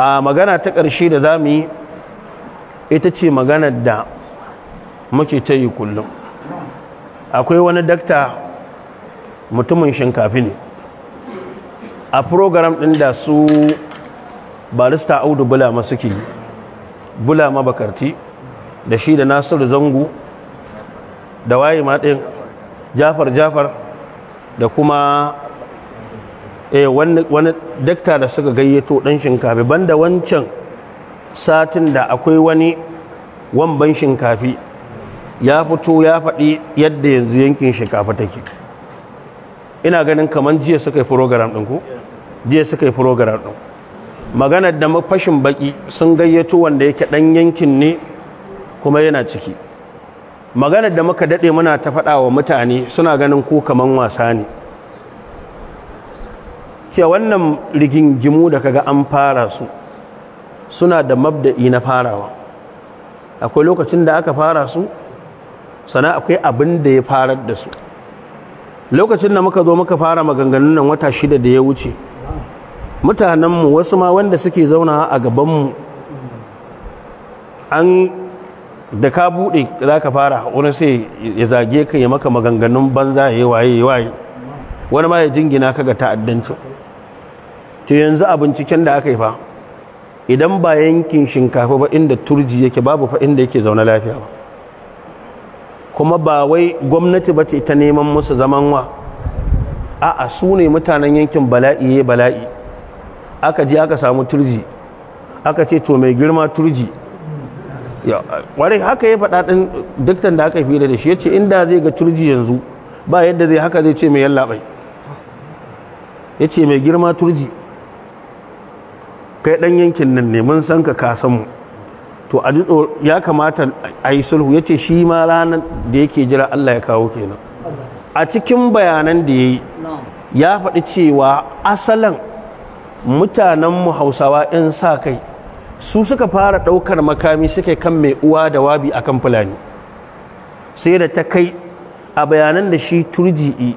a magana ta ƙarshe da za mu yi ita ce maganar da muke ta yi kullum akwai wani dakta mutumin shinkafi ne a program ɗin da su barista audu bulama suke yi bulama bakarti da shi da nasiru zango da waye ma jafar jafar da kuma eh wani wani dakta da suka gayyato dan shinkafi banda wancan satin da akwai wani wamban shinkafi ya fito ya faɗi yadda yanzu yankin shinkafa take ina ganin kamar jiya suka yi program ɗin ko jiya suka yi program ɗin maganar da mafashin baki sun gayyato wanda yake ɗan yankin ne kuma yana ciki maganar da muka daɗe muna ta faɗa wa mutane suna ganin ko kaman wasa ne cewa wannan rigingimu da kaga an fara su suna da mabda'i na farawa akwai lokacin da aka fara su sana akwai abin da ya farar da su lokacin da muka zo muka fara maganganun nan wata shida da ya wuce mutanenmu wasu ma wanda suke zauna a gabanmu an da ka buɗe za ka fara wani sai ya zage ka ya maka maganganun banza ya yi waye waye wani ma ya jingina ka ga ta'addancin ta yanzu a binciken da aka yi fa idan ba yankin shinkafa ba inda turji yake babu fa inda yake zaune lafiya ba kuma ba wai gwamnati ba ce ta neman musu zaman wa a'a su ne mutanen yankin bala'i ya bala'i aka ji aka samu turji aka ce to mai girma turji ware haka ya faɗa ɗin duktan da aka fira da shi ya ce inda zai ga turji yanzu ba yadda zai haka zai ce mai yallaɓai ya ce mai girma turji kai dan yankin nan ne mun san ka ka mu to a ji ya kamata a yi sulhu yace shi ma ranar da yake jira Allah ya kawo kenan a cikin bayanan da ya yi ya faɗi cewa asalan mu hausawa in sa kai su suka fara ɗaukar makami suka kan mai uwa da wabi a fulani sai da ta kai a bayanan da shi turji'i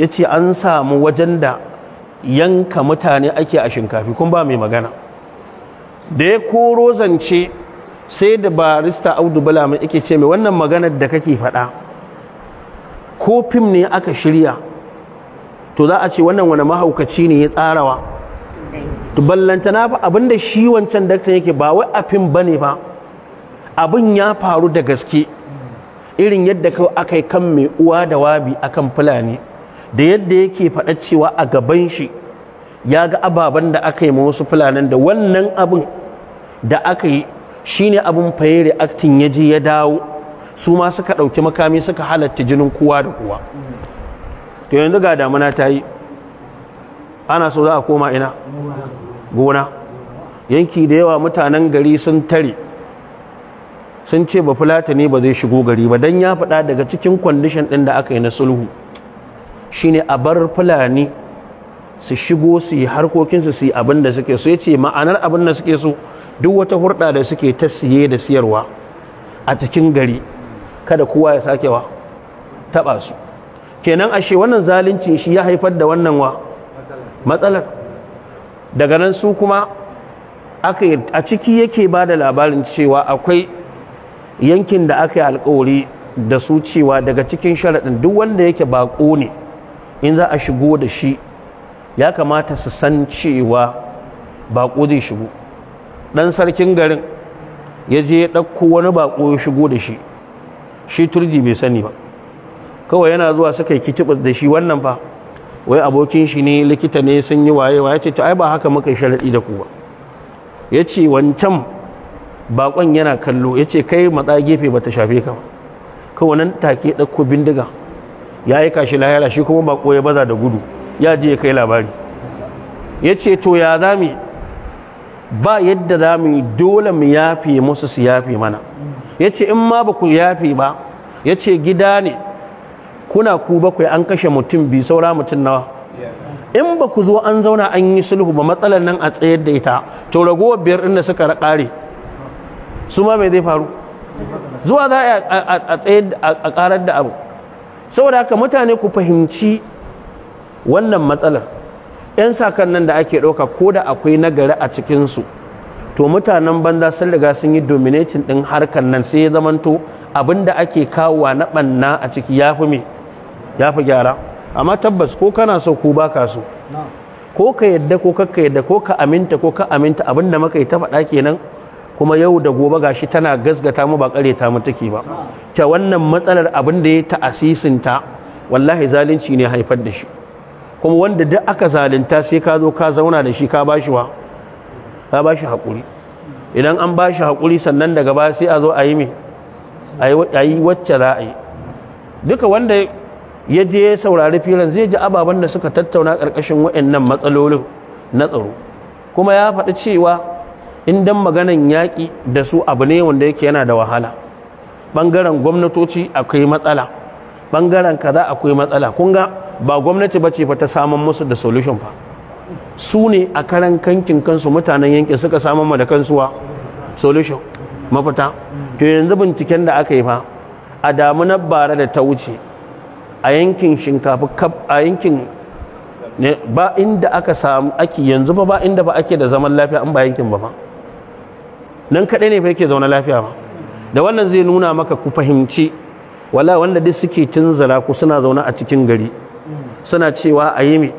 yace an samu wajen da yanka mutane ake a shinkafi kun ba mai magana da ya koro zance sai da barista audu bala mai ake ce mai wannan maganar da kake faɗa ko fim ne aka shirya to za a ce wannan wani mahaukaci ne ya tsarawa to ballanta na fa da shi wancan daktan yake ba wai a fim bane ba abin ya faru da gaske irin yadda aka yi kan mai uwa da wabi akan fulani da yadda yake faɗa cewa a gaban shi ya ga ababen da aka yi ma wasu fulanin da wannan abin da aka yi shine abin fayere aktin ya je ya dawo su ma suka ɗauki makami suka halatta jinin kowa da kowa to yanzu ga damuna ta yi ana so za a koma ina gona yanki da yawa mutanen gari sun tare sun ce ba fulata ne ba zai shigo gari ba don ya faɗa daga cikin kwandishan ɗin da aka yi na sulhu shine a bar fulani su shigo su yi harkokinsu su yi abin da suke so ya ce ma'anar abin da suke so duk wata hurɗa da suke ta siye da siyarwa a cikin gari kada kowa ya sake wa taɓa su kenan ashe wannan zalunci shi ya haifar da wannan wa matsalar daga nan su kuma a ciki yake ba da labarin cewa akwai yankin da aka yi alkawari da su cewa daga cikin sharaɗin duk wanda yake baƙo ne in za a shigo da shi ya kamata su san cewa baƙo zai shigo ɗan sarkin garin ya je ya ɗauko wani baƙo ya shigo da shi shi turji bai sani ba kawai yana zuwa suka yi kitibus da shi wannan fa wai abokin shi ne likita ne sun yi waye waye ce ta ai ba haka muka sharaɗi da ku ba ya ce wancan baƙon yana kallo ya ce kai matsa gefe ba ta shafe ka ba kawai nan take ɗauko bindiga ya yi kashi lahira shi kuma bako ya baza da gudu ya je ya kai labari ya ce to ya za ba yadda za dole mu yafe musu su yafe mana ya ce in ma ba ku yafe ba ya ce gida ne kuna ku bakwai an kashe mutum bi saura mutum nawa in ba ku zo an zauna an yi sulhu ba matsalar nan a tsayar da ita to ragowar biyar inda suka kare su ma mai zai faru zuwa za a tsayar da abu saboda haka mutane ku fahimci wannan matsalar 'yan sakan nan da ake ɗauka ko da akwai nagari a cikin su. to mutanen banza sun riga sun yi dominating ɗin harkan nan sai ya zamanto abin da ake kawowa na ɓanna a ciki ya fi me ya fi gyara amma tabbas ko kana so ku ba ka so ko ka yadda ko kakka yadda ko ka aminta ko ka aminta abin da muka ta faɗa kenan kuma yau da gobe gashi tana gasgata mu ba kare ta mu take ba ta wannan matsalar abin da ya ta. wallahi zalunci ne haifar da shi kuma wanda duk aka zalunta sai ka zo ka zauna da shi ka bashi wa ka bashi hakuri idan an bashi hakuri sannan daga ba sai a zo a yi me a yi wacce za a yi duka wanda ya je ya saurari filin zai ji ababen da suka tattauna ƙarƙashin waɗannan matsalolin na tsaro kuma ya faɗi cewa in dan maganan yaƙi da su abu ne wanda yake yana da wahala ɓangaren gwamnatoci akwai matsala ɓangaren kaza akwai matsala kun ga ba gwamnati ba ce fa ta samun musu da solution fa su ne a karan kankin kansu mutanen yankin suka samun da kansuwa solution mafita to yanzu binciken da aka yi fa a na bara da ta wuce a yankin shinkafa a yankin ba inda aka samu ake yanzu ba ba inda ba ake da zaman lafiya an ba yankin ba ba nan kaɗai ne fa yake zaune lafiya ba da wannan zai nuna maka ku fahimci wala wanda duk suke tunzala ku suna zaune a cikin gari suna cewa a yi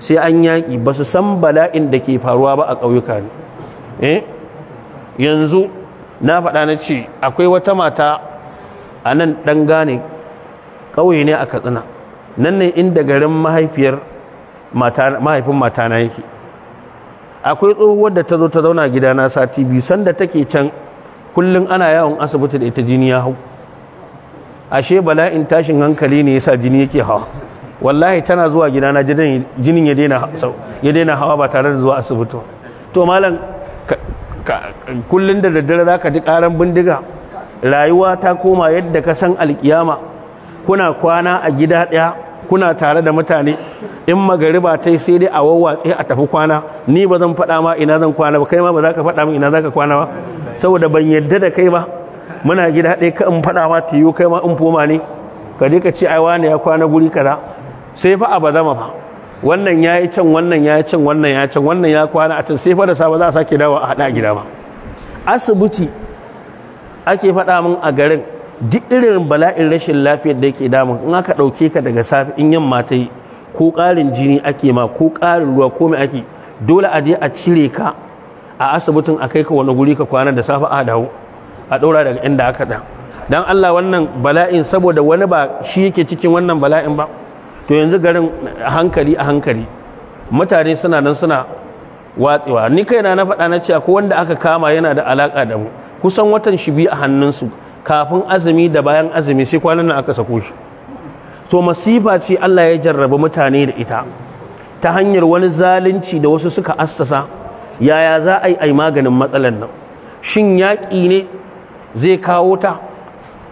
sai an yaƙi ba su san bala'in da ke faruwa ba a ƙauyuka ne eh yanzu na faɗa na ce akwai wata mata a nan ɗan gane ƙauye ne a katsina nan ne inda garin mahaifin mata na yake akwai tsohuwar da ta zo ta zauna gidana sati biyu sanda take can kullum ana yawon asibiti da ita jini ya hau ashe bala'in tashin hankali ne yasa jini yake hawa wallahi tana zuwa gidana jinin ya daina hawa ba tare da zuwa asibiti to malam kullum da daddare zaka ji karan bindiga rayuwa ta koma yadda ka san alkiyama kuna kwana a gida ɗaya kuna tare da mutane in magariba ta sai dai a wawwatse a tafi kwana ni ba zan faɗa ma ina zan kwana ba kai ma ba za ka faɗa min ina za ka kwana ba saboda ban yadda da kai ba muna gida ɗaya ka in faɗa ma ta yiwu kai ma in foma ne ka je ka ce ai wani ya kwana guri kaza sai fa a ba zama fa wannan ya yi can wannan ya yi can wannan ya can wannan ya kwana a can sai fa da sa ba za a sake dawo a haɗa gida ba asibiti ake faɗa min a garin duk irin bala'in rashin lafiyar da yake damun in aka ɗauke ka daga safe in yamma ta yi ko ƙarin jini ake ma ko ƙarin ruwa ko mai ake dole a je a cire ka a asibitin a kai ka wani guri ka kwana da safe a dawo a ɗora daga inda aka ɗa dan Allah wannan bala'in saboda wani ba shi yake cikin wannan bala'in ba to yanzu garin a hankali a hankali mutane suna nan suna watsewa ni kai na na faɗa na cewa ko wanda aka kama yana da alaƙa da mu kusan watan shi biyu a hannunsu kafin azumi da bayan azumi sai kwanan nan aka sako shi to masifa ce Allah ya jarraba mutane da ita ta hanyar wani zalunci da wasu suka assasa yaya za a yi ai maganin matsalan nan shin yaƙi ne zai kawo ta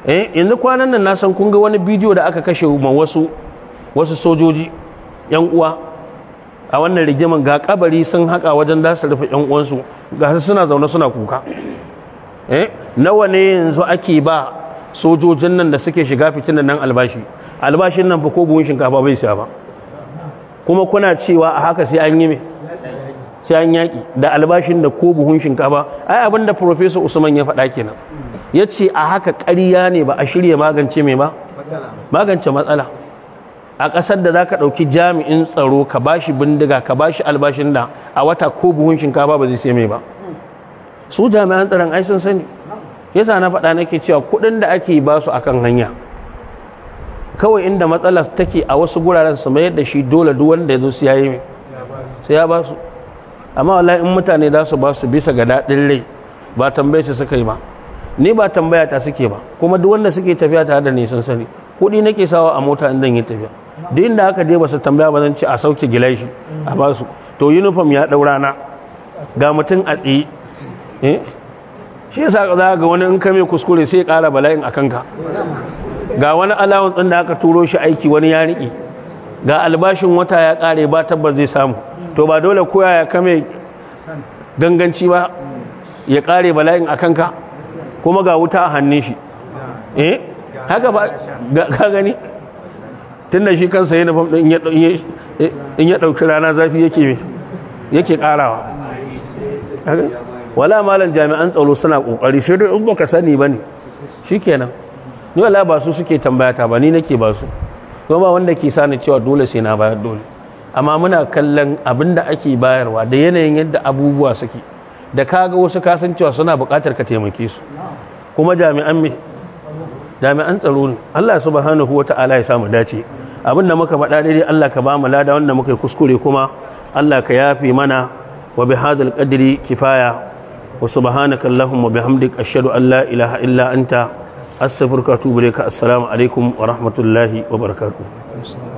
eh yanzu kwanan nan na san kun ga wani bidiyo da aka kashe ma wasu wasu sojoji yan uwa a wannan rigiman ga kabari sun haka wajen da su rufe yan uwansu ga suna zaune suna kuka Eh? nawa ne yanzu ake ba sojojin nan da suke shiga fitinan nan albashi albashin nan fa ko buhun shinkafa bai siya ba kuma kuna cewa a haka sai an yi me sai an yaki da albashin da ko buhun shinkafa ai abinda da Usman ya faɗa kenan ce a haka ƙarya ne ba a shirya magance me ba magance matsala a ƙasar da za ka ɗauki jami'in tsaro ka bashi bindiga ka bashi albashin da a wata ko buhun shinkafa ba zai sai mai ba su jami'an tsaron ai sun sani yasa na faɗa nake cewa kuɗin da ake ba su akan hanya kawai inda matsala take a wasu guraren su mayar da shi dole duk wanda ya zo su yayi ya ba su amma wallahi in mutane za su ba su bisa ga daɗin rai ba tambaye su suka yi ba ni ba tambaya ta suke ba kuma duk wanda suke tafiya tare da ni sun sani kuɗi nake sawa a mota in zan yi tafiya duk inda aka je ba su tambaya ba zan ci a sauke gilashi a ba su to uniform ya ɗaura na ga mutum a tsaye Eh? shi yasa za ga wani in ka mai kuskure sai ya ƙara bala'in a kanka ga wani alawun ɗin da aka turo shi aiki wani ya riƙe ga albashin wata ya ƙare ba tabbas zai samu to ba dole koya ya kame ganganci ba ya ƙare bala'in a kanka kuma ga wuta a hannun shi eh haka ba ka gani tun da shi kansa yana fam in ya ɗauki rana zafi yake ƙarawa wala malam jami'an tsaro suna kokari sai dai in baka sani bane shikenan ni wala ba su suke tambayata ba ni nake ba su kuma wanda ke sani cewa dole sai na bayar dole amma muna kallon abin da ake bayarwa da yanayin yadda abubuwa suke da kaga wasu ka san cewa suna buƙatar ka taimake su kuma jami'an me jami'an tsaro ne Allah subhanahu wata'ala ya samu dace abin da muka faɗa daidai Allah ka ba mu lada wanda muka yi kuskure kuma Allah ka yafe mana wa bihadal qadri kifaya wa subhanaka allahumma bihamdik ashhadu an la ilaha illa anta astaghfiruka wa atubu ilaik assalamu alaikum wa rahmatullahi wa barakatuh